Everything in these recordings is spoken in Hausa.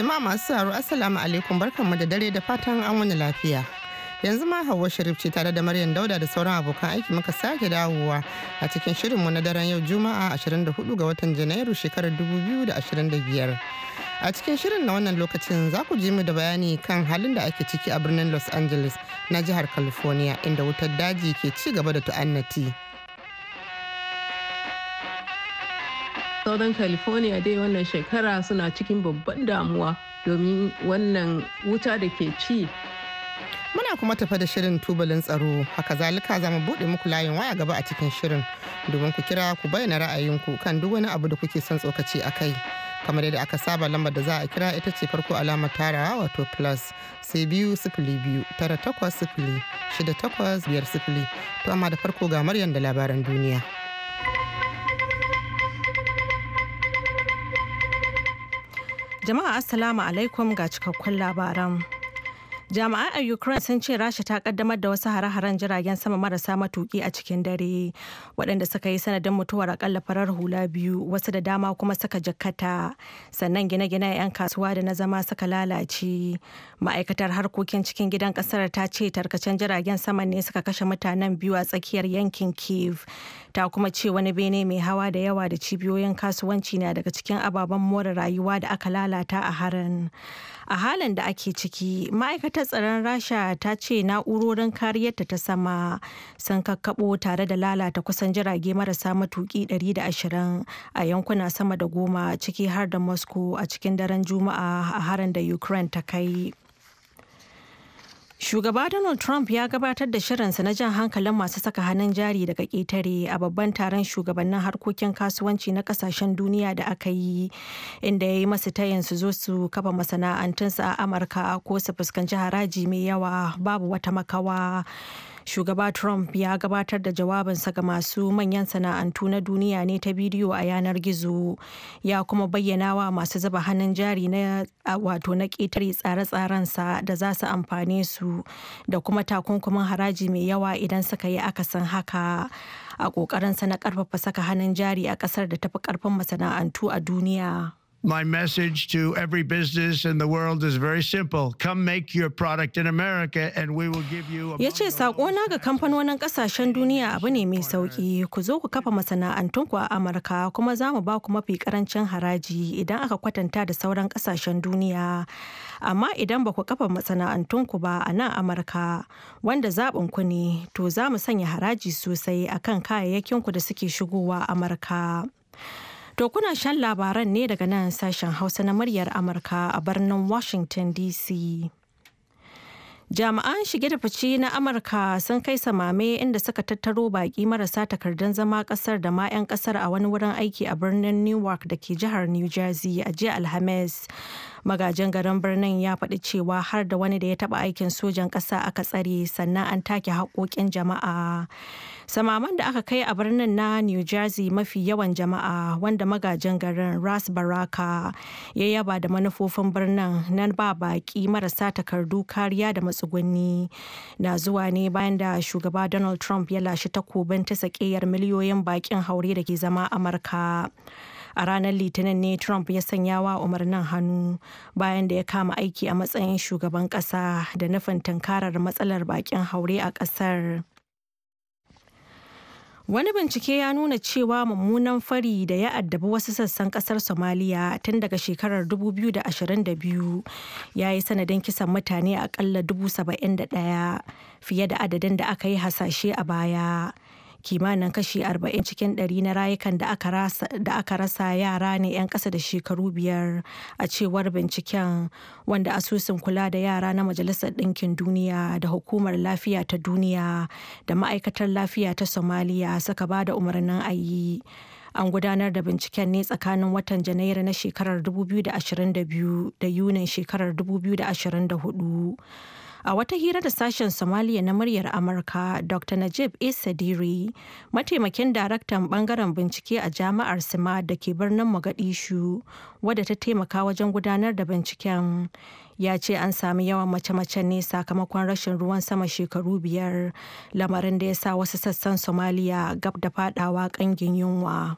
Jama'a masu tsaro Assalamu alaikum barkanmu da dare da fatan an wani lafiya. Yanzu ma Hauwa Sharif ce tare da Maryam Dauda da sauran abokan aiki muka sake dawowa a cikin shirinmu na daren yau Juma'a 24 ga watan Janairu shekarar 2025. A cikin shirin na wannan lokacin za ku ji mu da bayani kan halin da ake ciki a birnin Los Angeles na jihar California inda wutar daji ke ci gaba da ta'annati. southern california dai wannan shekara suna cikin babban damuwa domin wannan wuta da ke ci muna kuma tafa da shirin tubalin tsaro haka zalika zama bude buɗe muku layin waya gaba a cikin shirin domin ku kira ku bayyana ra'ayinku kan duk wani abu da kuke son tsokaci a kai kamar yadda aka saba lambar da za a kira ita ce farko alamar tarawa wato plus sai biyu sifili biyu tara takwas sifili shida takwas biyar sifili to amma da farko ga maryam da labaran duniya. Jama'a Assalamu alaikum ga cikakkun labaran. Jami'ai a Ukraine sun ce Rasha ta kaddamar da wasu hare-haren jiragen sama marasa matuki a cikin dare waɗanda suka yi sanadin mutuwar akalla farar hula biyu wasu da dama kuma suka jikkata sannan gine-gine 'yan kasuwa da na zama suka lalace. Ma'aikatar harkokin cikin gidan ƙasar ta ce tarkacen jiragen sama ne suka kashe mutanen biyu a tsakiyar yankin Kiev ta kuma ce wani bene mai hawa da yawa da cibiyoyin kasuwanci na daga cikin ababen more rayuwa da aka lalata a harin a halin da ake ciki ma'aikatar tsaron rasha ta ce na'urorin kariyarta ta sama sun kakkabo tare da lalata kusan jirage marasa matuki 120 a yankuna sama da goma ciki har da moscow a cikin daren juma'a a harin da ukraine ta kai Shugaba Donald Trump ya gabatar da shirinsa na jan hankalin masu saka hannun jari daga ƙetare a babban taron shugabannin harkokin kasuwanci na ƙasashen duniya da aka yi inda ya yi masu tayin su zo su kafa masana'antunsu a Amurka ko su fuskanci haraji mai yawa babu wata makawa. shugaba trump ya gabatar da jawabinsa ga masu manyan sana'antu na duniya ne ta bidiyo a yanar gizo ya kuma bayyana wa masu zuba hannun jari na wato na ƙetare tsare-tsarensa da za su amfane su da kuma takunkumin haraji mai yawa idan suka yi akasin haka a ƙoƙarinsa na ƙarfafa saka hannun jari a ƙasar da tafi ƙarfin masana'antu a duniya. my message to every business in the world is very simple come make your product in america and we will give you ya ce na ga kamfanonin kasashen duniya abu ne mai sauki ku zo ku kafa masana'antunku a amurka kuma za mu ba ku mafi karancin haraji idan aka kwatanta da sauran kasashen duniya amma idan ba ku kafa masana'antunku ba a nan amurka wanda zaɓin ku ne to za mu sanya haraji sosai akan kayayyakinku da suke shigowa amurka To kuna shan labaran ne daga nan sashen Hausa na muryar Amurka a birnin Washington DC. Jami'an shige da fice na Amurka sun kai samame inda suka tattaro baƙi marasa takardun zama ƙasar da ma 'yan ƙasar a wani wurin aiki a birnin Newark da ke jihar New Jersey a jiya Alhamis magajin garin birnin ya faɗi cewa har da wani da ya taɓa aikin sojan ƙasa aka tsare sannan an take haƙoƙin jama'a samaman da aka kai a birnin na new jersey mafi yawan jama'a wanda magajin garin ras baraka ya yaba da manufofin birnin nan ba baƙi marasa takardu kariya da matsugunni na zuwa ne bayan da shugaba donald trump ya lashe takobin ta sakeyar miliyoyin baƙin haure da ke zama amurka a ranar litinin ne trump ya sanya wa umarnin hannu bayan da ya kama aiki a matsayin shugaban kasa da nufin tunkarar matsalar bakin haure a kasar wani bincike ya nuna cewa mummunan fari da ya addabi wasu sassan kasar somaliya tun daga shekarar 2022 ya yi sanadin kisan mutane akalla 71 fiye da adadin da aka yi hasashe a baya kimanin kashi 40 cikin 100 na rayukan da aka rasa yara ne 'yan ƙasa da shekaru biyar a cewar binciken wanda asusun kula da yara na majalisar ɗinkin duniya da hukumar lafiya ta duniya da ma'aikatar lafiya ta somaliya suka ba da umarnin ayi an gudanar da binciken ne tsakanin watan janairu na shekarar 2022 da yunin shekarar 2024 A wata hira da sashen Somalia na muryar Amurka, Dr. Najib Esadiri, mataimakin daraktan bangaren bincike a jami'ar Sima da ke birnin Mogadishu, wadda ta taimaka wajen gudanar da binciken, ya ce an sami yawan mace-macen ne sakamakon rashin ruwan sama shekaru biyar, lamarin da ya sa wasu sassan Somaliya gab da fadawa kangin yunwa.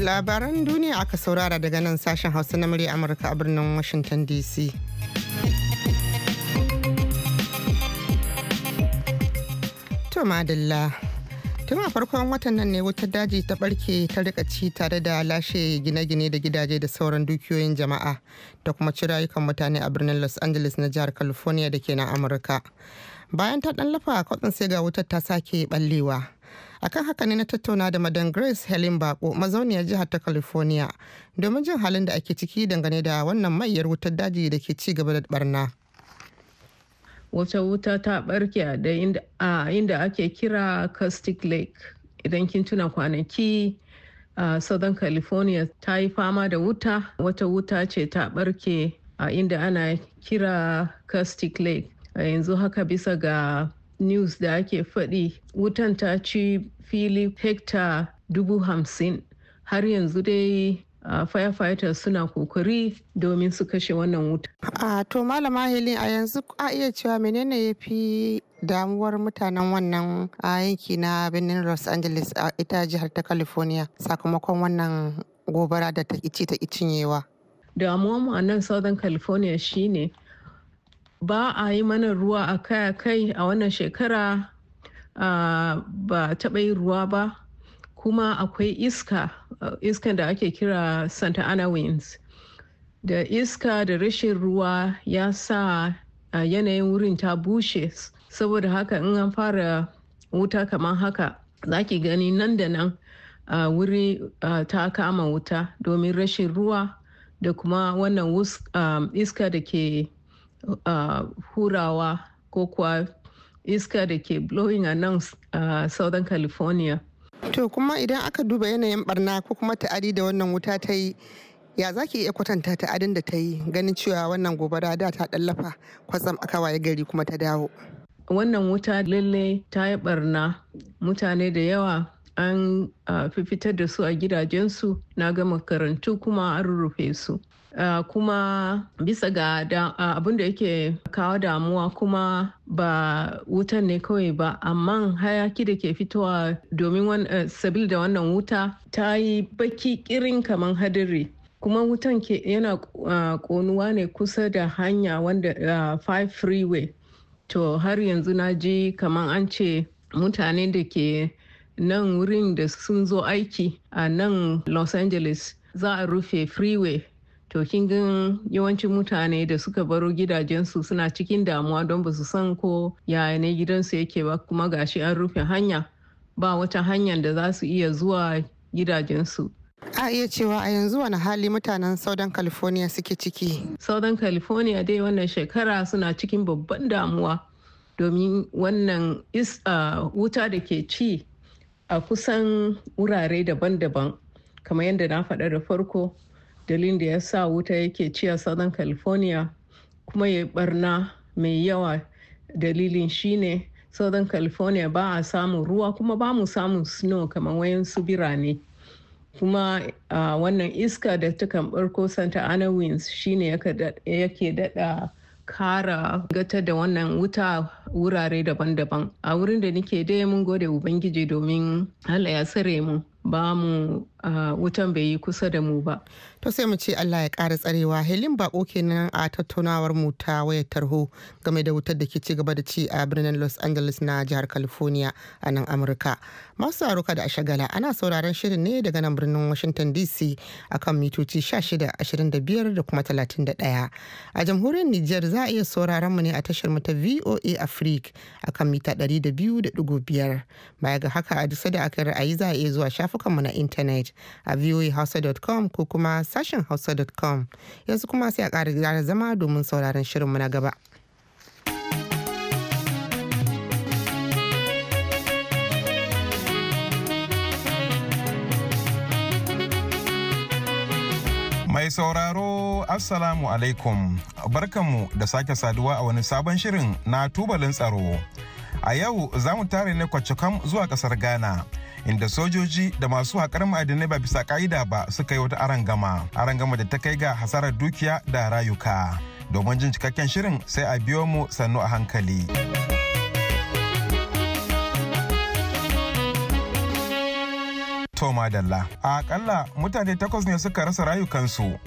labaran duniya aka saurara daga nan sashen hausa na murya amurka a birnin washington dc to madalla tun a farkon watan nan ne wutar daji ta barke ta rika ci tare da lashe gine-gine da gidaje da sauran dukiyoyin jama'a da kuma ci rayukan mutane a birnin los angeles na jihar california da ke na amurka bayan ta dan lafa kwatsan sai ga wutar ta sake ballewa akan haka ne na tattauna da madan grace helen bako mazauniyar jihar ta california domin jin halin da ake ciki dangane da wannan mayar wutar daji da ke ci gaba da barna wata wuta ta barke a inda ake kira caustic lake idan kin tuna kwanaki a uh, southern california ta yi fama da wuta wata wuta ce ta barke a uh, inda ana kira caustic lake a yanzu haka bisa ga news da ake faɗi wutan ta ci fili hekta dubu hamsin har yanzu dai Uh, firefighters suna kokari domin su kashe wannan wuta. A to malama Helen a yanzu a iya cewa menene ya fi damuwar mutanen wannan a yanki na birnin Los Angeles a ita jihar ta California sakamakon wannan gobara da ta ici ta cinyewa. Damuwar mu a nan Southern California shine ba a yi mana ruwa a kai a kai a wannan shekara uh, ba taɓa yin ruwa ba kuma akwai iska uh, iskan da ake kira santa ana winds da iska da rashin ruwa ya sa uh, yanayin wurin ta bushe saboda haka in an fara wuta kamar haka za ki gani nan da nan uh, wuri uh, ta kama wuta domin rashin ruwa da kuma wannan iska da ke uh, hurawa ko kuwa iska da ke blowing a nan a southern california to kuma idan aka duba yanayin barna ko kuma ta'adi da wannan wuta ta yi ya za ki iya kwatanta ta'adin da ta yi ganin cewa wannan gobara da ta ɗallafa kwatsam aka waye gari kuma ta dawo wannan wuta lalle ta yi barna mutane da yawa an fifitar da su a gidajensu na ga makarantu kuma an rurrufe su Uh, kuma bisa ga uh, abin da yake kawo damuwa kuma ba wutan ne kawai ba amma hayaki da ke fitowa domin uh, sabil da wannan wuta ta yi baki kirin kamar hadari kuma wutan ke yana konuwa ah, ne kusa da hanya wanda five freeway to har yanzu na ji kamar an ce mutane da ke nan wurin da sun zo aiki a nan los angeles za a rufe freeway to kin gan yawancin mutane da suka baro gidajensu suna cikin damuwa don ba su san ko yaya ne gidansu yake ba kuma gashi an rufe hanya ba wata hanyar da za su iya zuwa gidajensu a iya cewa a yanzu wani hali mutanen southern california suke ciki southern california dai wannan shekara suna cikin babban damuwa domin wannan wuta da ke ci a kusan wurare daban-daban kamar yadda na faɗa da farko dalilin da ya sa wuta yake ci a southern california kuma ya barna mai yawa dalilin shine southern california ba a samun ruwa kuma ba mu samun snow kamar wayan su birane kuma uh, wannan iska da ta kan barko santa ana winds shine yake dada kara gata da wannan wuta wurare daban-daban a wurin da nike dai mun gode ubangiji domin allah ya tsare mu ba mu wutan bai yi kusa da mu ba to sai mu ce Allah ya ƙara tsarewa helin bako kenan a tattaunawar mu ta wayar tarho game da wutar da ke ci gaba da ci a birnin Los Angeles na jihar California a nan Amurka masu aruka da shagala ana sauraron shirin ne daga nan birnin Washington DC akan mitoci 16 25 da kuma 31 a jamhuriyar niger za a iya sauraron mu ne a tashar mu ta VOA Africa akan mita 200.5 baya ga haka a duk da aka ra'ayi za a iya zuwa shafukanmu na intanet a voahausa.com ko kuma sashen hausa.com yanzu kuma sai a ƙara zama domin sauraron shirinmu na gaba. Mai sauraro Assalamu alaikum barkanmu da sake saduwa a wani sabon shirin na tubalin tsaro. a yau za mu tare ne kwacokam zuwa kasar ghana inda sojoji da masu haƙar ma'adinai ba bisa ƙa'ida ba suka yi wata arangama arangama da ta kai ga hasarar dukiya da rayuka domin jin cikakken shirin sai a biyo mu sannu a hankali. Toma dalla a akalla mutane takwas ne suka rasa rayukansu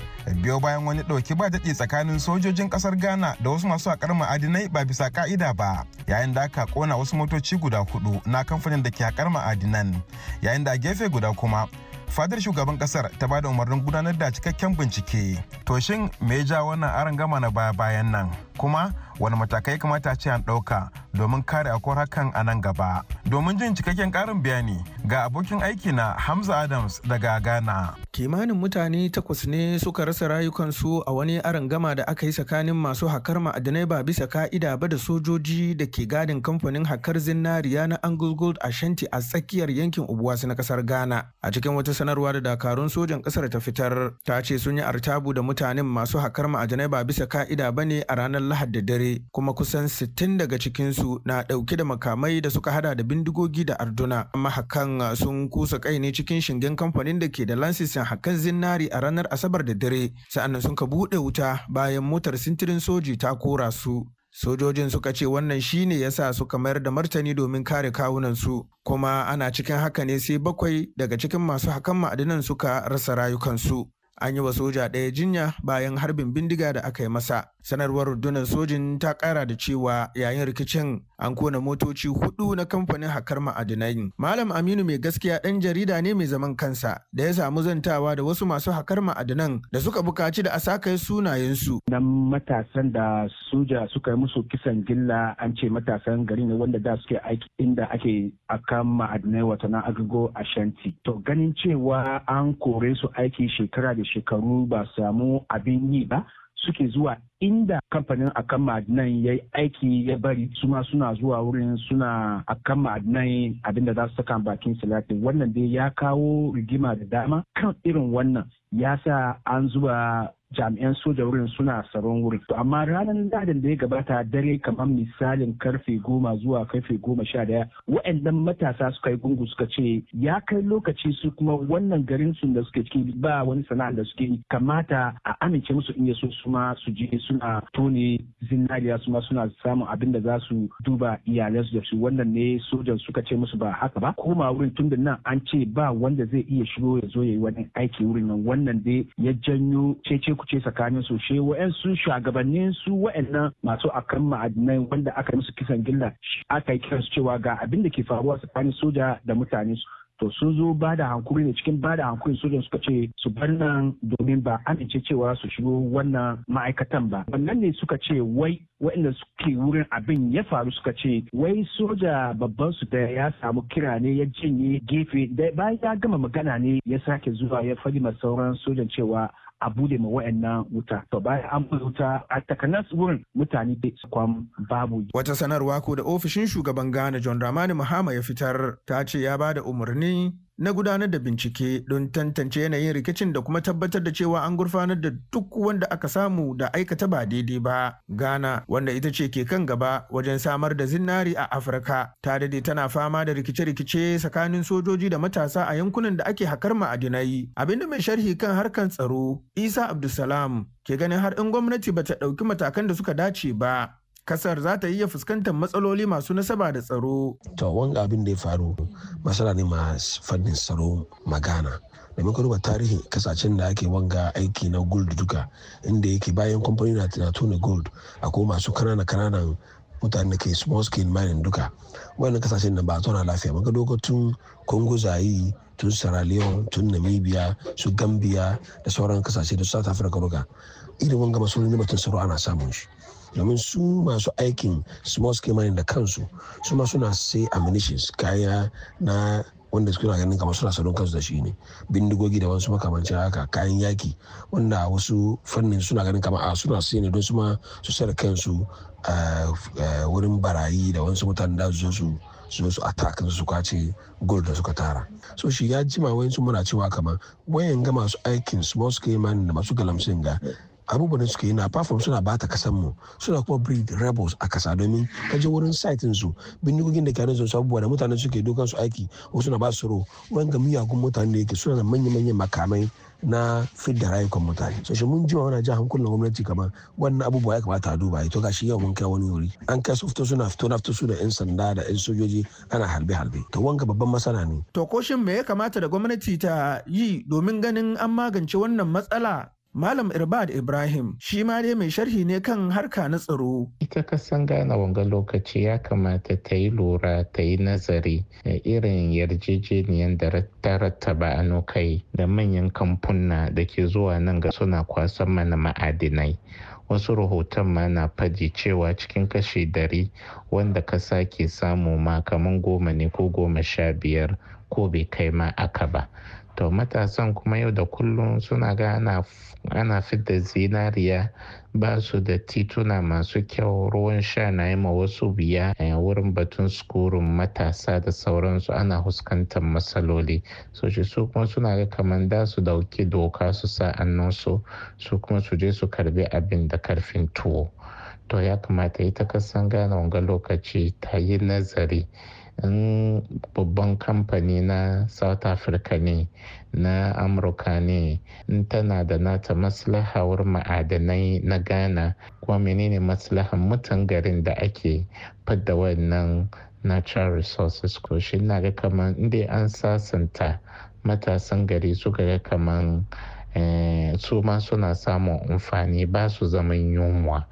biyo bayan wani ɗauki ba daɗi tsakanin sojojin ƙasar Ghana da wasu masu haƙar ma'adinai ba bisa ƙa'ida ba, yayin da aka ƙona wasu motoci guda hudu na kamfanin da ke haƙar ma'adinan, yayin da a gefe guda kuma fadar shugaban ƙasar ta ba da umarnin gudanar da cikakken bincike to shin me ya ja wannan gama na baya bayan nan kuma wani matakai kamata ce an ɗauka domin kare akwai hakan a nan gaba domin jin cikakken ƙarin bayani ga abokin aiki na hamza adams daga ghana kimanin mutane takwas ne suka rasa rayukansu a wani gama da aka yi tsakanin masu hakar ma'adinai ba bisa ka'ida ba da sojoji da ke gadin kamfanin hakar zinariya na angus gold shanti a tsakiyar yankin ubuwasu na kasar ghana a cikin wata sanarwa da dakarun sojan kasar ta fitar ta ce sun yi artabu da mutanen masu hakar ma'adinai ba bisa ka'ida ba ne a ranar ranar Lahad da dare kuma kusan 60 daga cikinsu na ɗauke da makamai da suka hada da bindigogi da arduna. amma hakan ah, sun kusa kai ne cikin shingen kamfanin da ke da lansisin hakan zinari a ranar Asabar da dare sa'annan sun ka buɗe wuta bayan motar sintirin soji ta kora su. Sojojin suka ce wannan shine yasa suka mayar da martani domin kare kawunan su. kuma ana cikin haka ne sai bakwai daga cikin masu hakan ma'adinan suka rasa rayukansu. An yi wa soja ɗaya jinya bayan harbin bindiga da aka yi masa. sanarwar rundunar sojin ta kara da cewa yayin rikicin an kona motoci hudu na kamfanin hakar ma'adinai malam aminu mai gaskiya ɗan jarida ne mai zaman kansa da ya samu zantawa da wasu masu hakar ma'adinan da suka bukaci da a sunayensu nan matasan da soja suka yi musu kisan gilla an ce matasan gari ne wanda da suke aiki inda ake akan ma'adinai wato na agogo ashanti to ganin cewa an kore su aiki shekara da shekaru ba samu abin yi ba suke zuwa inda kamfanin akan ma'adinan ya yi aiki ya bari su suna zuwa wurin suna akan ma'adinan abinda za su saka bakin salatin, wannan dai ya kawo rigima da dama kan irin wannan ya sa an zuba jami'an soja wurin suna tsaron wurin. To amma ranar ladin da ya gabata dare kamar misalin karfe goma zuwa karfe goma sha daya wa'annan matasa suka yi gungu suka ce ya kai lokaci su kuma wannan garin sun da suke ciki ba wani sana'a da suke kamata a amince musu in ya so su ma su je su suna tone zinariya su ma suna samun abin da za su duba iyalansu da su wannan ne sojan suka ce musu ba haka ba koma wurin tun da nan an ce ba wanda zai iya shigo ya zo ya yi wani aiki wurin nan wannan dai ya janyo cece kuce tsakanin su she wa'ansu shugabannin su wa'annan masu akan ma'adinai wanda aka yi musu kisan gilla aka yi su cewa ga abin da ke faruwa tsakanin soja da mutane su to sun zo ba da hankuri ne cikin ba da hankuri sojan suka ce su bar nan domin ba amince cewa su shigo wannan ma'aikatan ba wannan ne suka ce wai waɗanda suke wurin abin ya faru suka ce wai soja babban su da ya samu kira ne ya janye gefe da bayan ya gama magana ne ya sake zuwa ya fadi sauran sojan cewa a bude ma wa'annan wuta to bayan an bude wuta a takanas wurin mutane dai su kwam babu wata sanarwa ko da ofishin shugaban Ghana John Ramani Mahama ya fitar ta ce ya ba da umarni na gudanar da bincike don tantance yanayin rikicin da kuma tabbatar da cewa an gurfanar da duk wanda aka samu da aikata ba daidai ba. Ghana wanda ita ce ke kan gaba wajen samar da zinari a Afirka ta dade tana fama da rikice-rikice tsakanin sojoji da matasa a yankunan da ake hakar ma'adinai. Abinda mai sharhi kan harkar tsaro Isa Abdulsalam ke ganin har in gwamnati bata ɗauki matakan da suka dace ba kasar za ta iya fuskantar matsaloli masu nasaba da tsaro. To wanga abin da ya faru masana ne masu fannin tsaro magana. da muka duba tarihin kasashen da ake wanga aiki na gold duka inda yake bayan kamfani na tona gold akwai masu kanana kananan mutane da ke small scale mining duka wannan kasashen da ba tona lafiya muka dogo tun congo zayi tun sierra leone tun namibia su gambia da sauran kasashe da south africa duka irin wanga masu ne batun tsaro ana samun shi domin su masu aikin small scale mining da kansu su ma suna sai ammunitions kaya na wanda suna ganin kamar suna salon kansu da shi ne bindigogi da wasu makamancin haka kayan yaki wanda wasu fannin suna ganin kamar a suna sai ne don su ma su sayar kansu wurin barayi da wasu mutane da su su su su atakin su kwace gold da suka tara so shi ya jima wayansu muna cewa kamar wayan ga masu aikin small scale mining da masu galamsin ga abubuwan da suke yi na apart suna bata kasan mu suna kuma breed rebels a kasa domin ka je wurin site su bindigogin da ke hannun su abubuwa da mutane suke dokan su aiki ko suna ba su ro ga miyagun mutane da yake suna da manya-manyan makamai na fit da rayukan mutane so shi mun jima wani ajiyar hankulan gwamnati kamar wannan abubuwa ya kamata a duba to gashi yau mun kai wani wuri an kai su fito suna fito na fito su da yan sanda da yan sojoji ana halbe harbe to wanka babban masana ne to koshin me ya kamata da gwamnati ta yi domin ganin an magance wannan matsala Malam Irbad Ibrahim shi ma dai mai sharhi ne kan harka na tsaro. Ita kasan gane wanga lokaci ya kamata ta yi lura ta yi nazari irin yarjejeniyar da ta ba a kai da manyan kamfuna da ke zuwa nan ga suna kwasan mana ma'adinai. wasu rahoton ma na faji cewa cikin kashe dari wanda ka sake samu ma kaman goma ne ko goma sha biyar ko bai kai ma aka ba to matasan kuma yau da kullum suna ga ana fidda zinariya ba su da tituna masu kyau ruwan sha na yi ma wasu biya a eh, wurin batun skurin matasa da sauransu ana huskantar matsaloli so shi su kuma suna ga kamar da su dauki doka su sa annonsu su kuma su je su karbi abin da karfin tuwo to ya kamata ita kasan gane wanga lokaci ta yi nazari in babban kamfani na south africa ne na amurka ne in tana da nata maslahawar ma'adanai na ghana kuma menene maslahan mutan garin da ake fadda wannan natural resources ko shi na ga kamar inda an sasanta matasan gari suka ga kamar eh, su ma suna samun amfani ba su zaman yunwa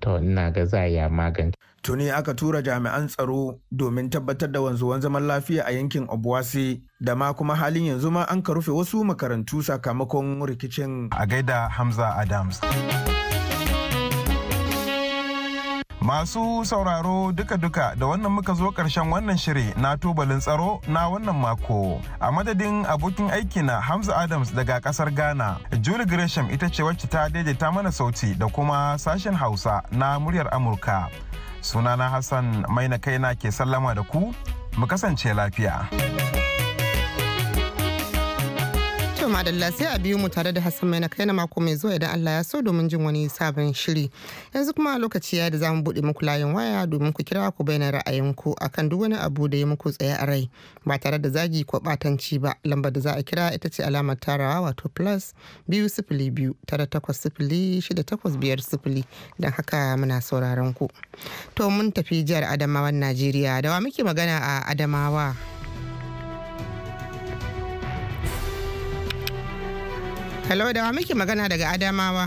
to ina ga za ya magance. Tuni aka tura jami'an tsaro domin tabbatar da wanzuwan zaman lafiya a yankin Obuasi da ma kuma halin yanzu ma an ka rufe wasu makarantu sakamakon rikicin. A gaida Hamza Adams. Masu sauraro duka-duka da wannan muka zo karshen wannan shiri na tubalin tsaro na wannan mako. A madadin abokin aiki na Hamza Adams daga kasar Ghana, Julie Gresham ita ce wacce ta daidaita mana sauti da kuma sashen Hausa na muryar Amurka. Sunana Hassan Maina Kaina ke sallama da ku, mu kasance lafiya. madalla sai a biyu mu tare da Hassan mai na kai na mako mai zuwa idan Allah ya so domin jin wani sabon shiri. Yanzu kuma lokaci ya da za mu buɗe muku layin waya domin ku kira ku bayyana ra'ayinku kan duk wani abu da ya muku tsaye a rai ba tare da zagi ko ɓatanci ba. Lambar da za a kira ita ce alamar tarawa wato plus biyu sifili biyu tara takwas sifili shida takwas biyar sifili don haka muna sauraron ku. To mun tafi jihar Adamawan Najeriya da wa muke magana a Adamawa. Hello da wa muke magana daga Adamawa.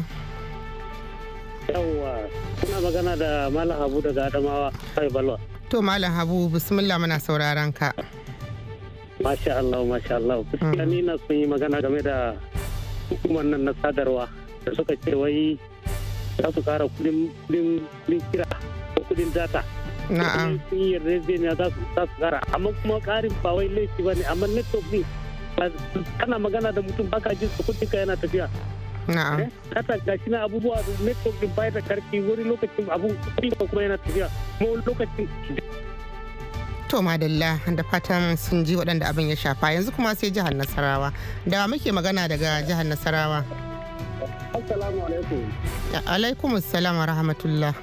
Yawwa, kuna magana da Malam Habu daga Adamawa, Kai Balwa. To Malam Habu, bismillah muna sauraron ka. Masha Allah, masha Allah. ni na sun yi magana game da hukumar nan na sadarwa da suka ce wai za su kara kudin kira ko kudin data. Na'am. Sun yi za su kara, amma kuma karin ba wai laifi ba ne, amma network ne kana magana da mutum baka jin kudi ka yana tafiya na'am kasa eh, gashi na abubuwa network din bai da karfi wani lokacin abu kuma yana tafiya kuma wani lokacin to madalla da fatan sun ji waɗanda abin ya shafa yanzu kuma sai jihar nasarawa da muke magana daga jihar nasarawa assalamu alaikum alaikum assalam wa rahmatullah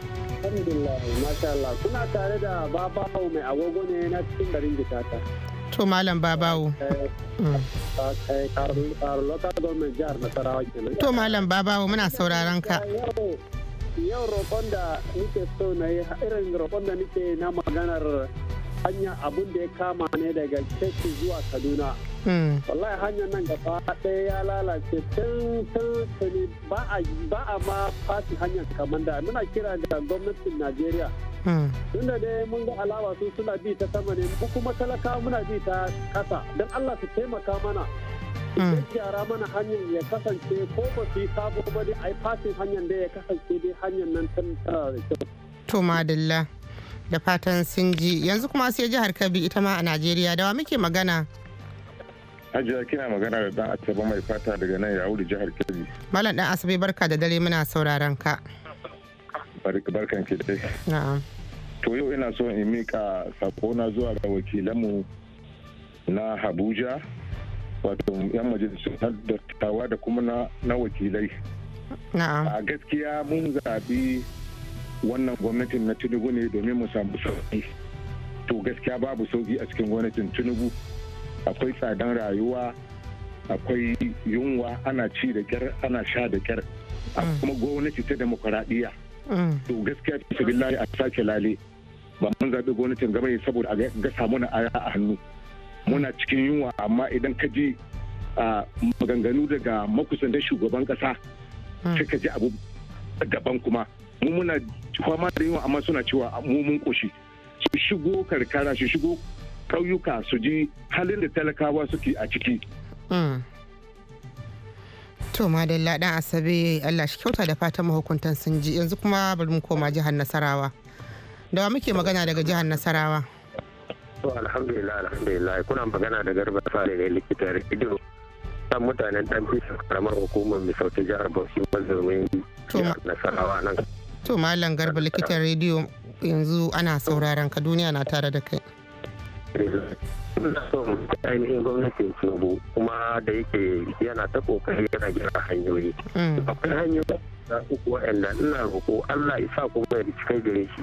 alhamdulillah masha Allah kuna tare da babawo mai agogo ne na cikin garin gitata to malam babawo mm. to malam babawo muna sauraron ka yau roƙon da nike so na yi irin roƙon da nike na maganar hanya abun da ya kama ne daga keke zuwa kaduna Hmm. wallahi hanyar nan gaba ɗaya ya lalace tun tun ba a ma fasi hanyar kamar da muna kira da gwamnatin najeriya hmm. da dai mun ga alawa su suna bi ta sama ne mu kuma talaka muna bi ta kasa don allah su taimaka mana hmm. gyara mana hanyar ya kasance ko ba su yi sabo ba dai a yi fasin hanyar da ya kasance dai hanyar nan tun ta to madalla da fatan sun ji yanzu kuma sai jihar kabi ita ma a najeriya da wa muke magana Hajiya kina magana da dan Asabe mai fata daga nan ya wuri jihar Kebbi. Malam dan Asabe barka da dare muna sauraron ka. Barkan ki dai. Na'am. To yau ina so in mika na zuwa ga wakilanmu na Abuja wato yan majalisun dattawa da kuma na wakilai. Na'am. A gaskiya mun zaɓi wannan gwamnatin na Tinubu ne domin mu samu sauki. To gaskiya babu sauki a cikin gwamnatin Tinubu. akwai tsadan rayuwa akwai yunwa ana ci da kyar ana sha da kyar a mm. kuma gwamnati ta demokuraɗiyya mm. to gaskiya ta billahi a sake lale ba mun zaɓi gwamnatin gaba saboda a ga samu na aya a hannu muna cikin yunwa amma idan ka ji maganganu daga makusantar shugaban ƙasa mm. sai ka ji abu daban kuma mu muna fama da yunwa amma suna cewa mu mun koshi su shigo karkara su shigo kauyuka su ji halin da talakawa suke a ciki. Hmm. To madalla dan asabe Allah shi kyauta da fatan mahukuntan sun ji yanzu kuma bari mu koma jihar Nasarawa. Da muke magana daga jihar Nasarawa? To alhamdulillah alhamdulillah kuna magana da Garba Sale ne likita radio San mutanen dan fisa karamar hukumar mai sauke jihar Bauchi mazumin jihar Nasarawa nan. To malam Garba likitan radio yanzu ana sauraron ka duniya na tare da kai. son ainihin gwamnatin tinubu kuma da yake yana ta kokari yana gina hanyoyi mm. akwai hanyoyi da uku wa'anda ina roƙo allah isa kuma ya cikai gare shi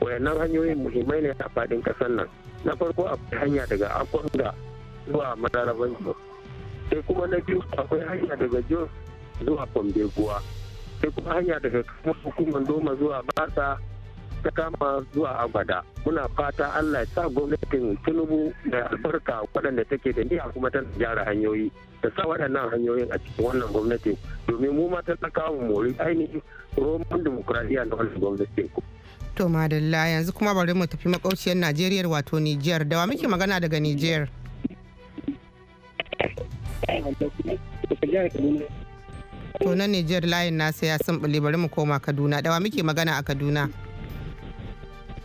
wayannan hanyoyin muhimmai ne a faɗin ƙasar nan na farko akwai hanya daga akwanga zuwa madaraban jos sai kuma na biyu akwai hanya daga jos zuwa kwambeguwa sai kuma hanya daga hukumar doma zuwa batsa ta kama zuwa abada muna fata allah ya sa gwamnatin tinubu da albarka waɗanda take da niyya kuma tana gyara hanyoyi ta sa waɗannan hanyoyin a cikin wannan gwamnati domin mu ma talakawa mu mori ainihin roman dimokuraɗiyya na wannan gwamnatin to madalla yanzu kuma bari mu tafi makauciyar najeriya wato niger da wa muke magana daga niger to na niger layin nasa ya sumbule bari mu koma kaduna da wa muke magana a kaduna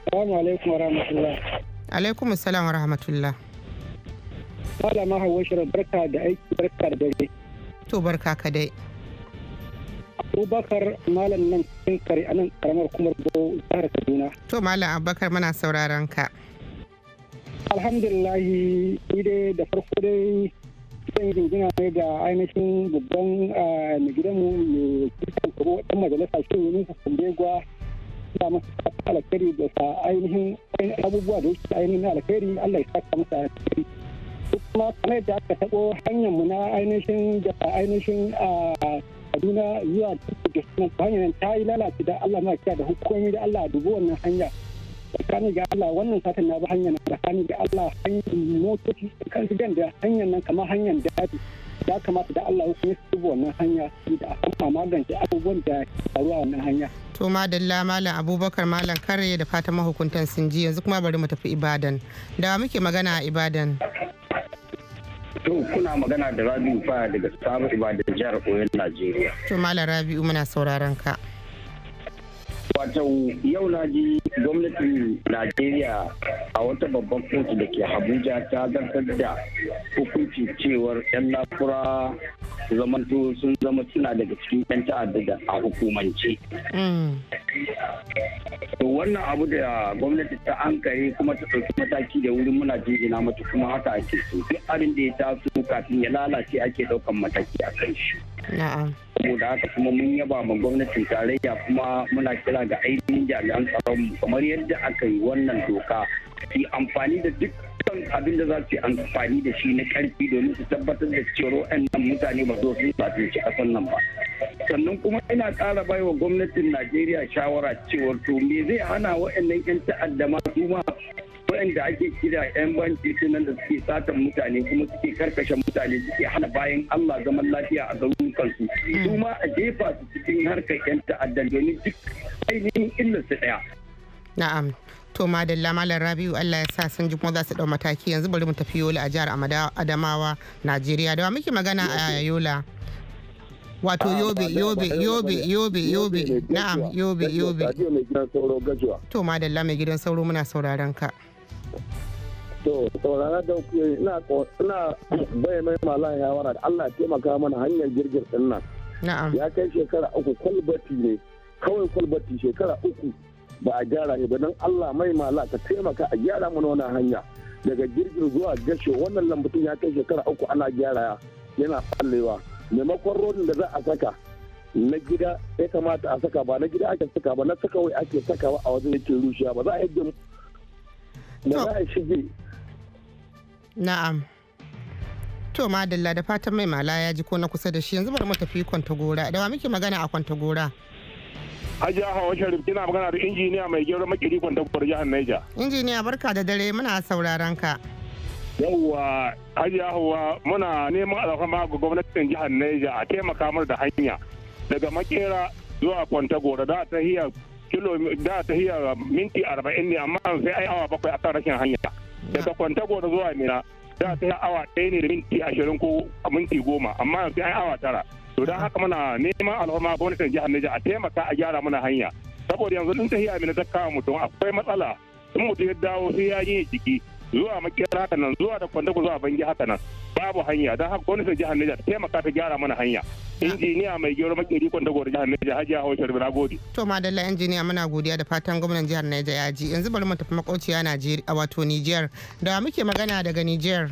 Assalamu alaikum warahmatullah. Alaikum assalam warahmatullah. Malama Hauwa Shirin barka da aiki barka da dare. To barka ka dai. Abubakar malam nan cikin kare anan karamar kuma go jihar Kaduna. To malam Abubakar muna sauraron ka. Alhamdulillahi ni dai da farko dai zan jingina ne da ainihin babban ah, mai gidanmu mai kisan kabo dan majalisa shi ne Kumbegwa. ya masa saka alkhairi da sa ainihin abubuwa da yake ainihin alkhairi Allah ya saka masa alkhairi kuma kamar da aka tabo hanyar mu na ainihin da ainihin a Kaduna zuwa da sunan hanyar ta yi lalace da Allah ma da hukumi da Allah dubu wannan hanya tsakani ga Allah wannan satan na bi hanyar nan tsakani ga Allah hanyar motoci kan su da hanyar nan kamar hanyar daji ya kamata da Allah hukumi su dubu wannan hanya da a kuma magance abubuwan da ke faruwa wannan hanya. to madalla malam abubakar malam kare da fatan mahukuntan sun ji yanzu kuma bari mu tafi ibadan da muke magana a ibadan to kuna magana da rabi'u fa daga sabon ibadan jihar koyon najeriya to malam rabi'u muna sauraron ka wato yau na ji gwamnatin najeriya a wata babban kotu da ke abuja ta zartar da hukunci cewar yan nakura zamanto sun zama suna daga cikin 'yan ta'adda da a hukumance. Mm. To wannan abu da gwamnati ta an kuma ta ɗauki mataki da wurin muna jinjina mata kuma haka ake so. Duk abin da ya taso kafin ya lalace ake ɗaukan mataki a kan shi. saboda haka kuma mun yaba ma gwamnatin tarayya kuma muna kira ga ainihin jami'an tsaron kamar yadda aka yi wannan doka yi amfani da duk abin da za su yi amfani da shi na karfi domin su tabbatar da cewa nan mutane ba su ba su shi kasan nan ba sannan kuma ina kara bai wa gwamnatin najeriya shawara cewa to me zai hana wa'annan 'yan ta'adda ma su ma waɗanda ake kira 'yan banki sunan da suke satan mutane kuma suke karkashe mutane suke hana bayan Allah zaman lafiya a kansu su ma a jefa su cikin harkar 'yan ta'addan domin duk ainihin su ɗaya na'am to madalla malam rabiu allah ya sa sun ji kuma za su dau mataki yanzu bari mu tafi yola a jihar adamawa najeriya da muke magana a yola wato ah, yobe yobe yobe yobe yobe na'am yobe yobe to madalla mai gidan sauro muna sauraron ka to saurara da ku ina ina bai mai malan yawara da Allah ya taimaka mana hanyar girgir din nan na'am ya kai shekara uku kulbati ne kawai kulbati shekara uku ba a gyara ne ba don Allah mai mala ka taimaka a gyara mana wannan hanya daga girgir zuwa gashe wannan lambatun ya kai shekara uku ana gyara yana fallewa maimakon rodin da za a saka na gida ya kamata a saka ba na gida ake saka ba na saka wai ake sakawa a wajen yake rushiya ba za a yadda ba za a shige na'am to madalla da fatan mai mala ya ji ko na kusa da shi yanzu bari mu tafi kwanta gora da wa muke magana a kwanta gora Hajiya Hawa Sharif kina magana da injiniya mai gero makiri kwantakwar jihar Naija. Injiniya barka da dare muna sauraron ka. Yawwa Hajiya Hawa muna neman alfama ga gwamnatin jihar Naija a taimaka mar da hanya daga makera zuwa gora da ta hiya kilo da ta hiya minti arba'in ne amma sai ai awa bakwai akan rashin hanya daga gora zuwa mina da ta hiya awa ɗaya ne da minti ashirin ko minti goma amma sai ai awa tara. to don haka muna neman alhorma gwamnatin jihar Niger a taimaka a gyara mana hanya saboda yanzu din tafiya mai ta kawo mutum akwai matsala in mutum ya dawo sai ya yi jiki zuwa makera haka nan zuwa da kwanda zuwa bangi haka nan babu hanya don haka gwamnatin jihar Niger ta taimaka ta gyara mana hanya injiniya mai gero makeri kwanda gwamnatin jihar Niger Hajiya Hawa Sharbi na gode to madalla injiniya muna godiya da fatan gwamnatin jihar Niger ya ji yanzu bari mu tafi makauciya Najeriya wato Niger da muke magana daga Niger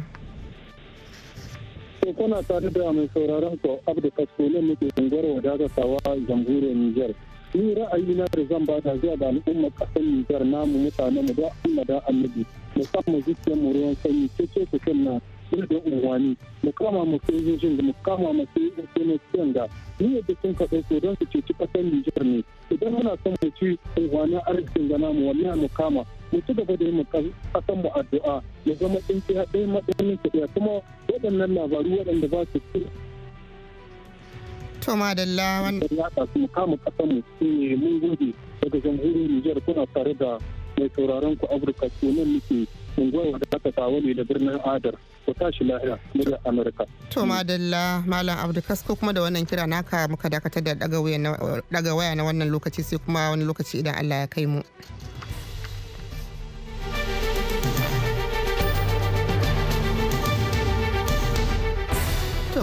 To kuna tare da mai sauraron ko Abdu Kaskole muke tungar wadatatawa jamhuriyar Nijar. Ni ra'ayi na da zan bada zuwa da al'ummar ƙasar Nijar namu mutane mu da Allah da Annabi. Musamman zuciyar mu ruwan sanyi ce ce ku kunna da unwani mu kama mu sojojin da mu kama mu sojojin da ni yadda sun kaɗo ko don su ceci ƙasar Nijar ne idan muna son mu ci unwani arzikin da namu wallahi mu kama mu ci gaba da yin kasan mu addu'a ya zama tsinci haɗe matsayin kiɗa kuma waɗannan labaru waɗanda ba su ci. Toma da lawan. Ya su mu kama kasan mu ne mun gode daga jamhuriyar Nijar kuna tare da mai sauraron ku Afirka sunan muke unguwar da aka kawo ne da birnin Adar. Ku tashi lahiya muryar Amurka. To madalla Malam Abdulkas ko kuma da wannan kira naka muka dakatar da daga waya na wannan lokaci sai kuma wani lokaci idan Allah ya kai mu.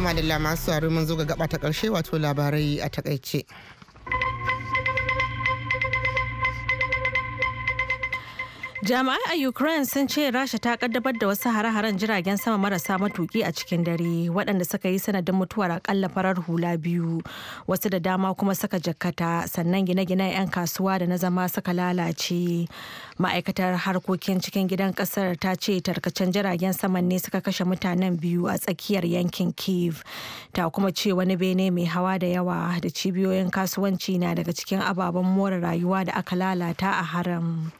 da madalla masu mun zo ga gaba ta karshe wato labarai a takaice. Jami'ai a Ukraine sun ce Rasha ta kaddabar da wasu hare-haren jiragen sama marasa matuki a cikin dare waɗanda suka yi sanadin mutuwar akalla farar hula biyu wasu da dama kuma suka jakkata sannan gine gine 'yan kasuwa da na zama suka lalace. Ma'aikatar harkokin cikin gidan ƙasar ta ce tarkacen jiragen sama ne suka kashe mutanen biyu a tsakiyar yankin Kiev. Ta kuma ce wani bene mai hawa da yawa da cibiyoyin kasuwanci na daga cikin ababen more rayuwa da aka lalata a haram.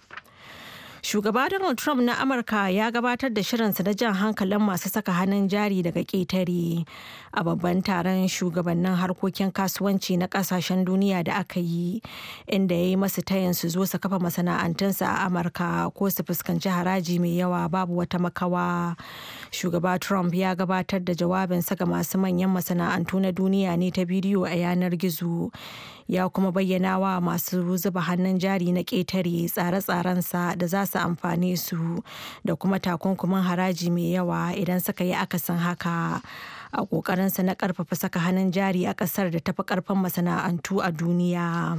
Shugaba Donald Trump na Amurka ya gabatar da shirinsa na jan hankalin masu saka hannun jari daga ƙetare a babban taron shugabannin harkokin kasuwanci na ƙasashen duniya da aka yi inda ya yi masu tayin su zo su kafa masana'antunsa a Amurka ko su fuskanci haraji mai yawa babu wata makawa. Shugaba Trump ya gabatar da jawabinsa ga masu manyan masana'antu na duniya ne ta bidiyo a yanar gizo ya kuma bayyana wa masu zuba hannun jari na ƙetare tsare-tsarensa da za su amfane su da kuma takunkumin haraji mai yawa idan suka yi akasin haka a ƙoƙarinsa na ƙarfafa saka hannun jari a ƙasar da tafi ƙarfin masana'antu a duniya.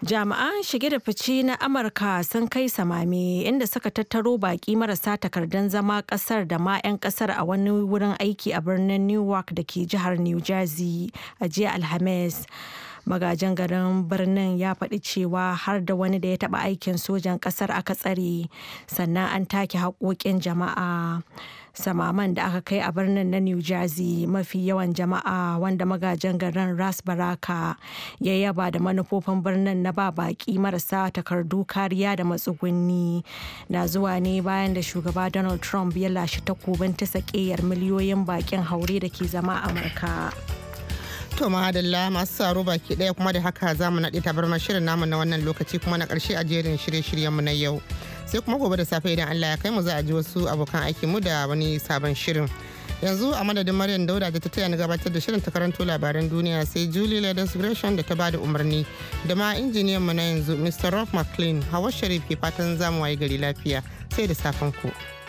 Jami'an shige da fice na Amurka sun kai samame inda suka tattaro baƙi marasa takardun zama ƙasar da ma 'yan ƙasar a wani wurin aiki a birnin Newark da ke jihar New Jersey a jiya Alhamis. magajin garin birnin ya faɗi cewa har da wani da ya taɓa aikin sojan ƙasar aka tsare sannan an take haƙoƙin jama'a. samaman da aka kai a birnin na new jersey mafi yawan jama'a wanda magajin garin ras baraka ya yaba da manufofin birnin na ba baki marasa takardu kariya da matsugunni na zuwa ne bayan da shugaba donald trump ya lashe takobin ta sakeyar miliyoyin bakin haure da ke zama a amurka to madalla masu tsaro baki ɗaya kuma da haka za mu naɗe tabar shirin namu na wannan lokaci kuma na ƙarshe a jerin shirye-shiryenmu na yau. sai kuma gobe da safe idan Allah ya kai mu za a ji wasu abokan aiki mu da wani sabon shirin. Yanzu a madadin Maryam Dauda da ta taya ni gabatar da shirin ta labaran duniya sai Julie Ladas Gresham da ta bada umarni da ma injiniyan mu na yanzu Mr. Rob McLean Hawa Sharif ke fatan zamu wayi gari lafiya sai da safen ku.